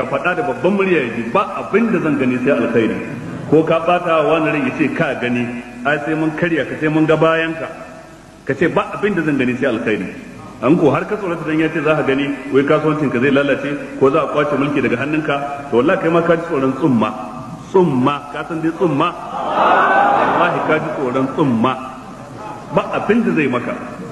ka faɗa da babban murya yaji ba abin da zan gani sai alkhairi ko ka bata wa wani rai yace ka gani ai sai mun karya ka sai mun ga bayan ka ka ce ba abin da zan gani sai alkhairi an ko har ka tsorata dan yace za ka gani wai kasuwancin ka zai lalace ko za a kwace mulki daga hannunka to wallahi kai ma ka ji tsoron tsumma tsumma ka san dai tsumma wallahi ka ji tsoron tsumma ba abin da zai maka